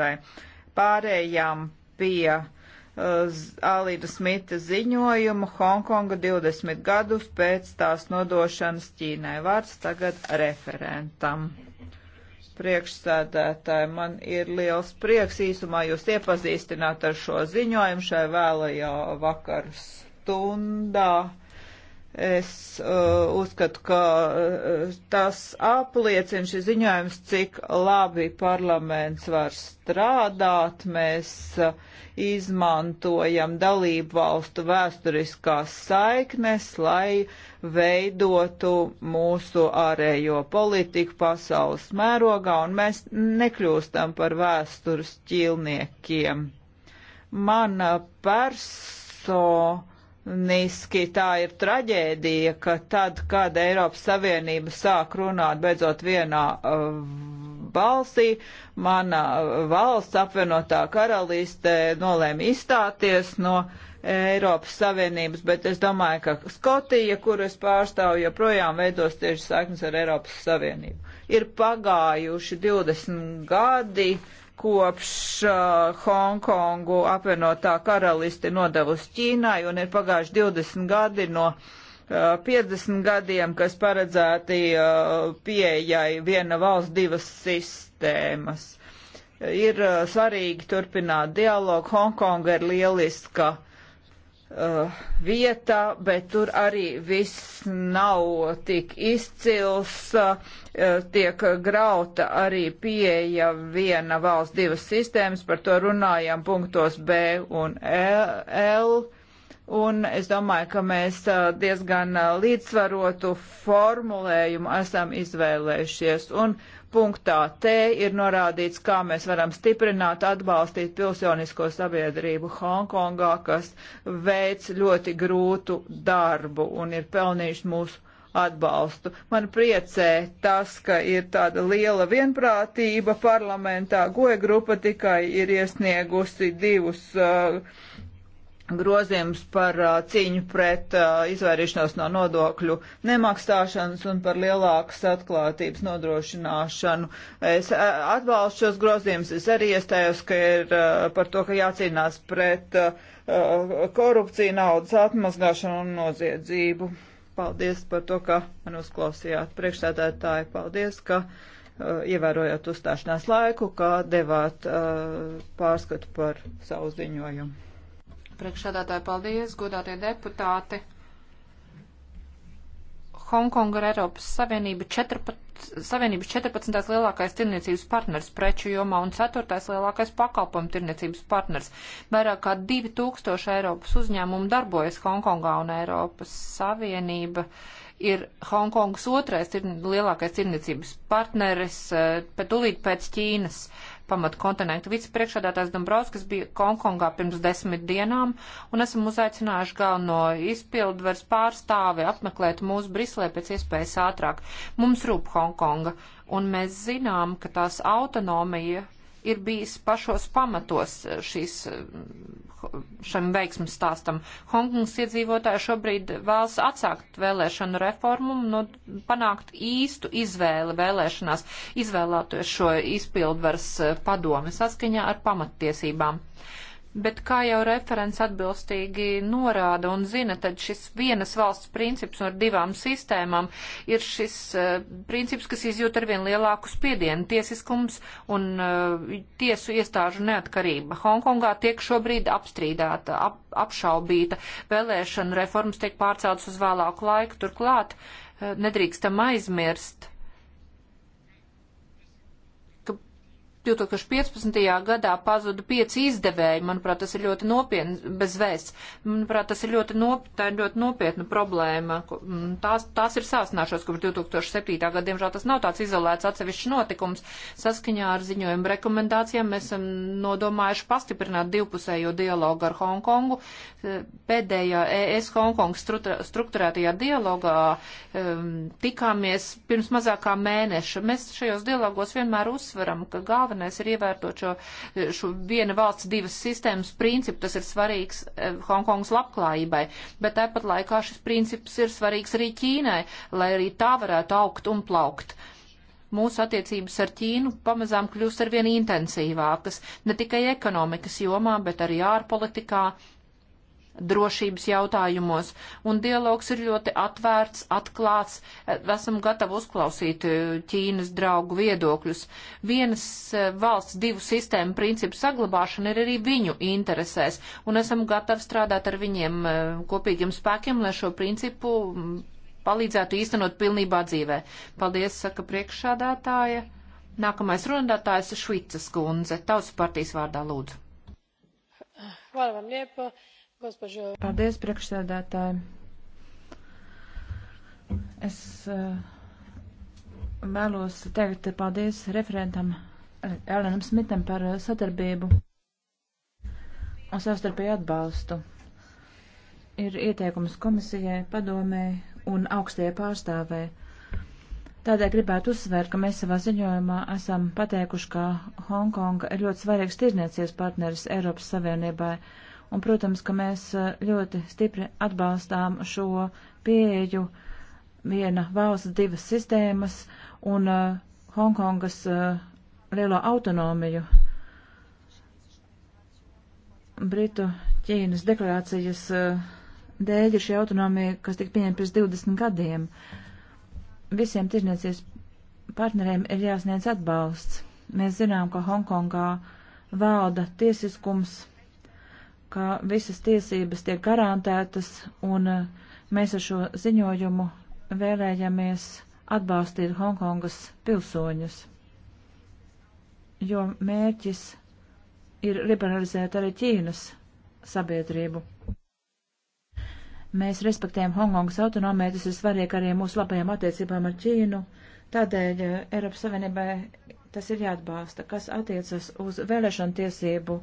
Vai pārējām pie uh, Alīda Smita ziņojumu Hongkonga 20 gadus pēc tās nodošanas Ķīnai. Vārds tagad referentam. Priekšsēdētāji, man ir liels prieks īsumā jūs iepazīstināt ar šo ziņojumu šai vēlajā vakaru stundā. Es uh, uzskatu, ka uh, tas apliecina šis ziņojums, cik labi parlaments var strādāt. Mēs uh, izmantojam dalību valstu vēsturiskās saiknes, lai veidotu mūsu ārējo politiku pasaules mērogā, un mēs nekļūstam par vēstures ķilniekiem. Mana perso Niski tā ir traģēdija, ka tad, kad Eiropas Savienība sāk runāt beidzot vienā uh, balsī, mana uh, valsts apvienotā karaliste nolēma izstāties no Eiropas Savienības, bet es domāju, ka Skotija, kur es pārstāvu, joprojām veidos tieši saiknes ar Eiropas Savienību. Ir pagājuši 20 gadi, uh, kopš uh, Hongkongu apvienotā karalisti nodevusi Ķīnai un ir pagājuši 20 gadi no uh, 50 gadiem, kas paredzēti uh, pieejai viena valsts divas sistēmas. Ir uh, svarīgi turpināt dialogu. Hongkonga ir lieliska uh, Uh, vieta, bet tur arī viss nav tik izcils. Uh, tiek grauta arī pieeja viena valsts divas sistēmas, par to runājam punktos B un L. Un es domāju, ka mēs uh, diezgan līdzsvarotu formulējumu esam izvēlējušies. Un punktā T ir norādīts, kā mēs varam stiprināt, atbalstīt pilsonisko sabiedrību Hongkongā, kas veic ļoti grūtu darbu un ir pelnījuši mūsu atbalstu. Man priecē tas, ka ir tāda liela vienprātība parlamentā. Goja grupa tikai ir iesniegusi divus uh, grozījums par uh, cīņu pret uh, izvairīšanos no nodokļu nemaksāšanas un par lielākas atklātības nodrošināšanu. Es uh, atbalstu šos grozījumus, es arī iestājos, ka ir uh, par to, ka jācīnās pret uh, uh, korupciju, naudas atmazgāšanu un noziedzību. Paldies par to, ka man uzklausījāt priekšsēdētāji. Paldies, ka ievērojot uzstāšanās laiku, kā devāt pārskatu par savu ziņojumu. Priekšādātāji, paldies, godātie deputāti. Hongkonga ir Eiropas Savienība 14, Savienības 14. lielākais tirniecības partners preču jomā un 4. lielākais pakalpojumu tirniecības partners. Vairāk kā 2000 Eiropas uzņēmumu darbojas Hongkongā un Eiropas Savienība ir Hongkongas otrais tir, lielākais tirniecības partneris, pat eh, tūlīt pēc Ķīnas. Uh, pamatu kontinentu vicepriekšādātājs Dombrovskis bija Hongkongā pirms desmit dienām, un esam uzaicinājuši galveno izpildvers pārstāvi apmeklēt mūsu Briselē pēc iespējas ātrāk. Mums rūp Hongkonga, un mēs zinām, ka tās autonomija ir bijis pašos pamatos eh, šīs, eh, šam veiksmas stāstam. Hongkongas iedzīvotāji šobrīd vēlas atsākt vēlēšanu reformu, no, panākt īstu izvēli vēlēšanās, izvēlēties šo izpildvaras eh, padomi saskaņā ar pamattiesībām. Uh, Bet, kā jau referents atbilstīgi norāda un zina, tad šis vienas valsts princips ar divām sistēmām ir šis uh, princips, kas izjūt arvien lielāku spiedienu - tiesiskums un uh, tiesu iestāžu neatkarība. Hongkongā tiek šobrīd apstrīdēta, ap, apšaubīta, vēlēšana reformas tiek pārceltas uz vēlāku laiku, turklāt uh, nedrīkstam aizmirst 2015. gadā pazuda pieci izdevēji. Manuprāt, tas ir ļoti nopietni, bez vēsts. Manuprāt, tas ir ļoti, nop, tā ir ļoti nopietna problēma. Mm, tās, tās ir sāsināšos kopš 2007. gada. Diemžēl tas nav tāds izolēts atsevišķs notikums. Saskaņā ar ziņojumu rekomendācijām mēs esam mm, nodomājuši pastiprināt divpusējo dialogu ar Hongkongu. E, pēdējā ES Hongkongas struktūrētajā dialogā e, tikāmies pirms mazākā mēneša. Mēs šajos dialogos vienmēr uzsveram, ka galvenais galvenais ir ievērtot šo, šo viena valsts divas sistēmas principu. Tas ir svarīgs eh, Hongkongas labklājībai, bet tāpat laikā šis princips ir svarīgs arī Ķīnai, lai arī tā varētu augt un plaukt mūsu attiecības ar Ķīnu pamazām kļūst arvien intensīvākas, ne tikai ekonomikas jomā, bet arī ārpolitikā drošības jautājumos, un dialogs ir ļoti atvērts, atklāts, esam gatavi uzklausīt eh, Ķīnas draugu viedokļus. Vienas eh, valsts divu sistēmu principu saglabāšana ir arī viņu interesēs, un esam gatavi strādāt ar viņiem eh, kopīgiem spēkiem, lai šo principu mm, palīdzētu īstenot pilnībā dzīvē. Paldies, saka priekšādātāja. Nākamais runātājs ir Švicas kundze, Tautas partijas vārdā lūdzu. Hvala vam lijepo Paldies, priekšsēdētāji. Es eh, vēlos teikt paldies referentam eh, Elenam Smitam par eh, sadarbību un savstarpēju atbalstu. Ir ieteikums komisijai, padomē un augstajai pārstāvē. Tādēļ gribētu uzsvērt, ka mēs savā ziņojumā esam pateikuši, ka Hongkonga ir ļoti svarīgs tirniecības partneris Eiropas Savienībai. Uh, Un, protams, ka mēs eh, ļoti stipri atbalstām šo pieeju viena valsts divas sistēmas un uh, Hongkongas uh, lielo autonomiju. Britu Ķīnas deklarācijas uh, dēļ ir šī autonomija, kas tika pieņemta pirms 20 gadiem. Visiem tirzniecības partneriem ir jāsniedz atbalsts. Mēs zinām, ka Hongkongā valda tiesiskums ka visas tiesības tiek garantētas, un eh, mēs ar šo ziņojumu vēlējamies atbalstīt Hongkongas pilsoņus, jo mērķis ir liberalizēt arī Ķīnas sabiedrību. Mēs respektējam Hongkongas autonomiju, tas ir svarīgi arī mūsu labajām attiecībām ar Ķīnu, tādēļ eh, Eiropas Savienībai tas ir jāatbalsta, kas attiecas uz vēlēšanu tiesību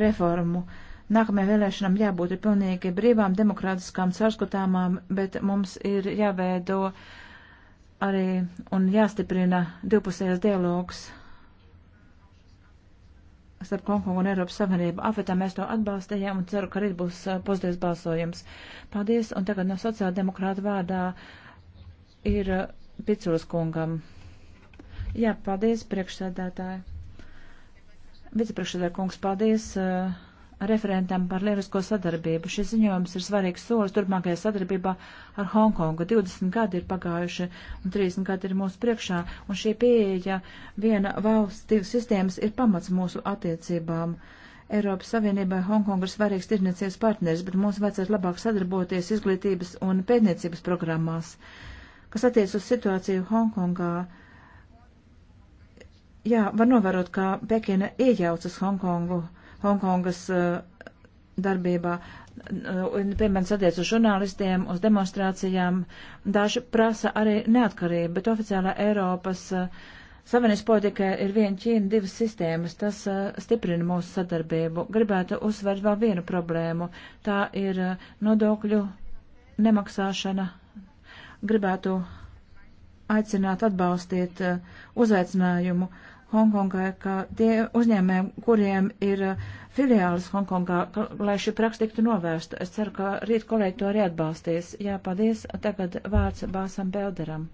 reformu. Uh, Nākamajām vēlēšanām jābūt ir pilnīgi brīvām, demokrātiskām, sārskatāmām, bet mums ir jāveido arī un jāstiprina divpusējais dialogs starp Hongkongu un Eiropas Savienību. Afetā mēs to atbalstījām un ceru, ka arī būs uh, pozitīvs balsojums. Paldies, un tagad no sociāldemokrāta vārdā ir uh, Piculas kungam. Jā, paldies, priekšsēdētāji. Vicepriekšsēdētāji kungs, paldies. Uh, referentam par lielisko sadarbību. Šis ziņojums ir svarīgs solis turpmākajā sadarbībā ar Hongkongu. 20 gadi ir pagājuši un 30 gadi ir mūsu priekšā, un šī pieeja viena valsts divas sistēmas ir pamats mūsu attiecībām. Eiropas Savienībai Hongkonga ir svarīgs tirdzniecības partneris, bet mums vajadzētu labāk sadarboties izglītības un pētniecības programmās. Kas attiec uz situāciju Hongkongā, jā, var novērot, ka Pekina iejaucas Hongkongu Hongkongas uh, darbībā. Uh, piemēram, sadiec uz žurnālistiem, uz demonstrācijām. Daži prasa arī neatkarību, bet oficiālā Eiropas uh, Savienības politikā ir viena Ķīna, divas sistēmas, tas uh, stiprina mūsu sadarbību. Gribētu uzsvērt vēl vienu problēmu, tā ir uh, nodokļu nemaksāšana. Gribētu aicināt atbalstīt uh, uzaicinājumu uh, Hongkongai, ka tie uzņēmēm, kuriem ir uh, filiālis Hongkongā, ka, lai šī praksa tiktu novērsta. Es ceru, ka rīt kolēģi to arī atbalstīs. Jā, paldies. Tagad vārds Bāsam Belderam.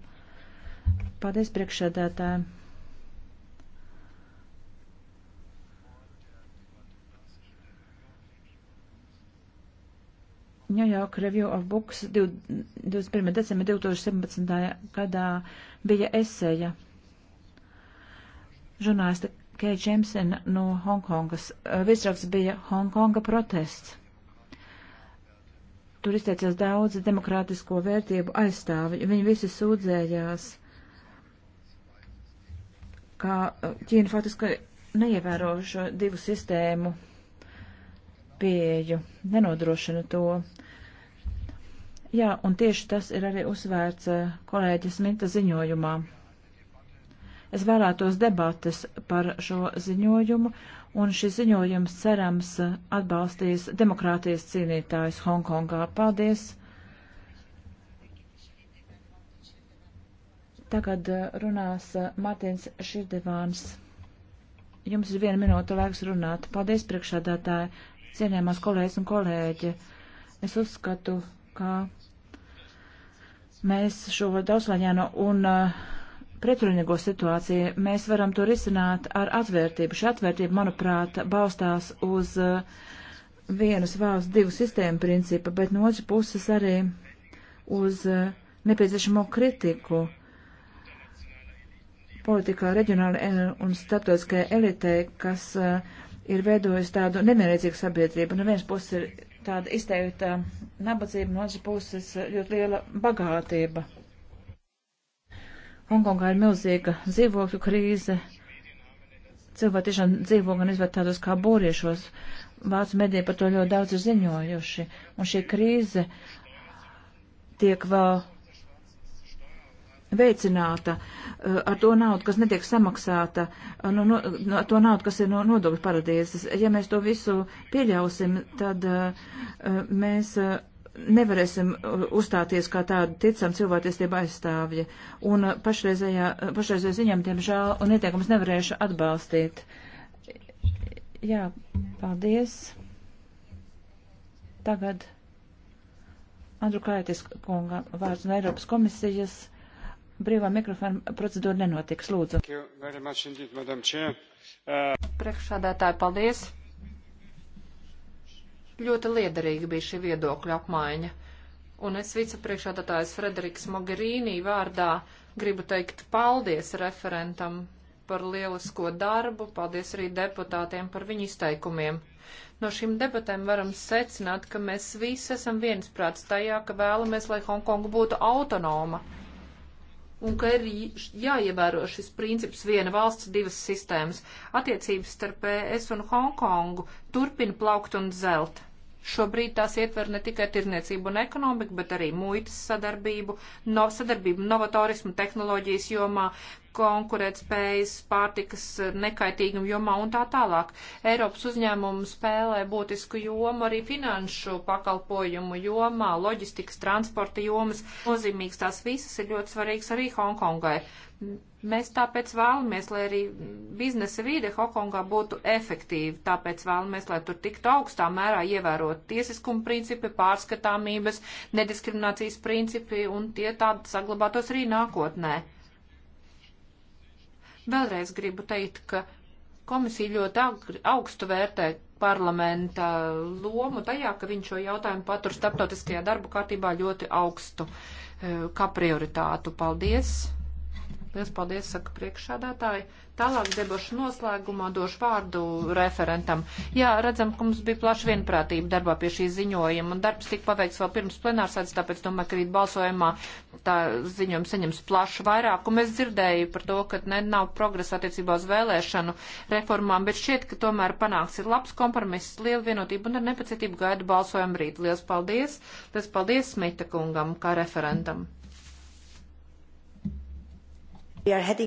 Paldies priekšsēdētājiem. New York Review of Books 21. decembra 2017. gadā bija eseja žurnālista Keija Džemsena no Hongkongas. Visraks bija Hongkonga protests. Tur izteicās daudz demokrātisko vērtību aizstāvi. Viņi visi sūdzējās, ka Ķīna faktiski neievēro šo divu sistēmu pieeju, nenodrošina to. Jā, un tieši tas ir arī uzsvērts kolēģis Minta ziņojumā. Es vēlētos debates par šo ziņojumu, un šis ziņojums cerams atbalstīs demokrātijas cīnītājus Hongkongā. Paldies! Tagad uh, runās uh, Mārtiņš Širdevāns. Jums ir viena minūte laiks runāt. Paldies, priekšādātāji, cienījamās kolēģis un kolēģi. Es uzskatu, ka mēs šo daudzslaņēnu un uh, pretrunīgo situāciju, mēs varam to risināt ar atvērtību. Šī atvērtība, manuprāt, balstās uz uh, vienas valsts divu sistēmu principu, bet no otras puses arī uz uh, nepieciešamo kritiku politikā reģionāla eh, un starptautiskajai elitei, kas uh, ir veidojusi tādu nemierīdzīgu sabiedrību. No nu, vienas puses ir tāda izteikta nabadzība, no otras puses ļoti liela bagātība. Hongkongā ir milzīga dzīvokļu krīze. Cilvēki tiešām dzīvo gan izvērt tādos kā būriešos. Vācu medija par to ļoti daudz ir ziņojuši. Un šī krīze tiek vēl veicināta eh, ar to naudu, kas netiek samaksāta, eh, no, no, ar to naudu, kas ir no nodokļu paradīzes. Ja mēs to visu pieļausim, tad uh, mēs uh, nevarēsim uzstāties kā tādu ticam cilvēktiesību aizstāvji. Un pašreizējā, pašreizējā ziņām, diemžēl, un ieteikums nevarēšu atbalstīt. Jā, paldies. Tagad Andru Kaitis kunga vārds no Eiropas komisijas. Brīvā mikrofona procedūra nenotiks. Lūdzu. Uh... Priekšsādātāji, paldies. Ļoti liederīga bija šī viedokļa apmaiņa. Un es vicepriekšādātājs Frederiks Mogherīnī vārdā gribu teikt paldies referentam par lielisko darbu, paldies arī deputātiem par viņu izteikumiem. No šīm debatēm varam secināt, ka mēs visi esam viensprāts tajā, ka vēlamies, lai Hongkonga būtu autonoma un ka ir jāievēro šis princips viena valsts, divas sistēmas. Attiecības starp ES un Hongkongu turpina plaukt un zelt. Šobrīd tās ietver ne tikai tirniecību un ekonomiku, bet arī muitas sadarbību, no, sadarbību novatorismu tehnoloģijas jomā, konkurētspējas pārtikas nekaitīgumu jomā un tā tālāk. Eiropas uzņēmumu spēlē būtisku jomu arī finanšu pakalpojumu jomā, loģistikas, transporta jomas. Nozīmīgs tās visas ir ļoti svarīgs arī Hongkongai. Mēs tāpēc vēlamies, lai arī biznesa vīde Hongkongā būtu efektīva, tāpēc vēlamies, lai tur tiktu augstā mērā ievērot tiesiskuma principi, pārskatāmības, nediskriminācijas principi un tie tādi saglabātos arī nākotnē. Vēlreiz gribu teikt, ka komisija ļoti augstu vērtē parlamenta lomu tajā, ka viņš šo jautājumu patur starptautiskajā darbu kārtībā ļoti augstu e, kā prioritātu. Paldies! Liels paldies, saka priekšādātāji. Tālāk debašu noslēgumā došu vārdu referentam. Jā, redzam, ka mums bija plaša vienprātība darbā pie šī ziņojuma, un darbs tika paveikts vēl pirms plenārsēdes, tāpēc domāju, ka rīt balsojumā tā ziņojums saņems plašu vairākumu. Es dzirdēju par to, ka ne, nav progresa attiecībā uz vēlēšanu reformām, bet šķiet, ka tomēr panāks ir labs kompromiss, liela vienotība un ar nepacietību gaidu balsojumu rīt. Lielas paldies! Lielas paldies Smita kungam kā referentam!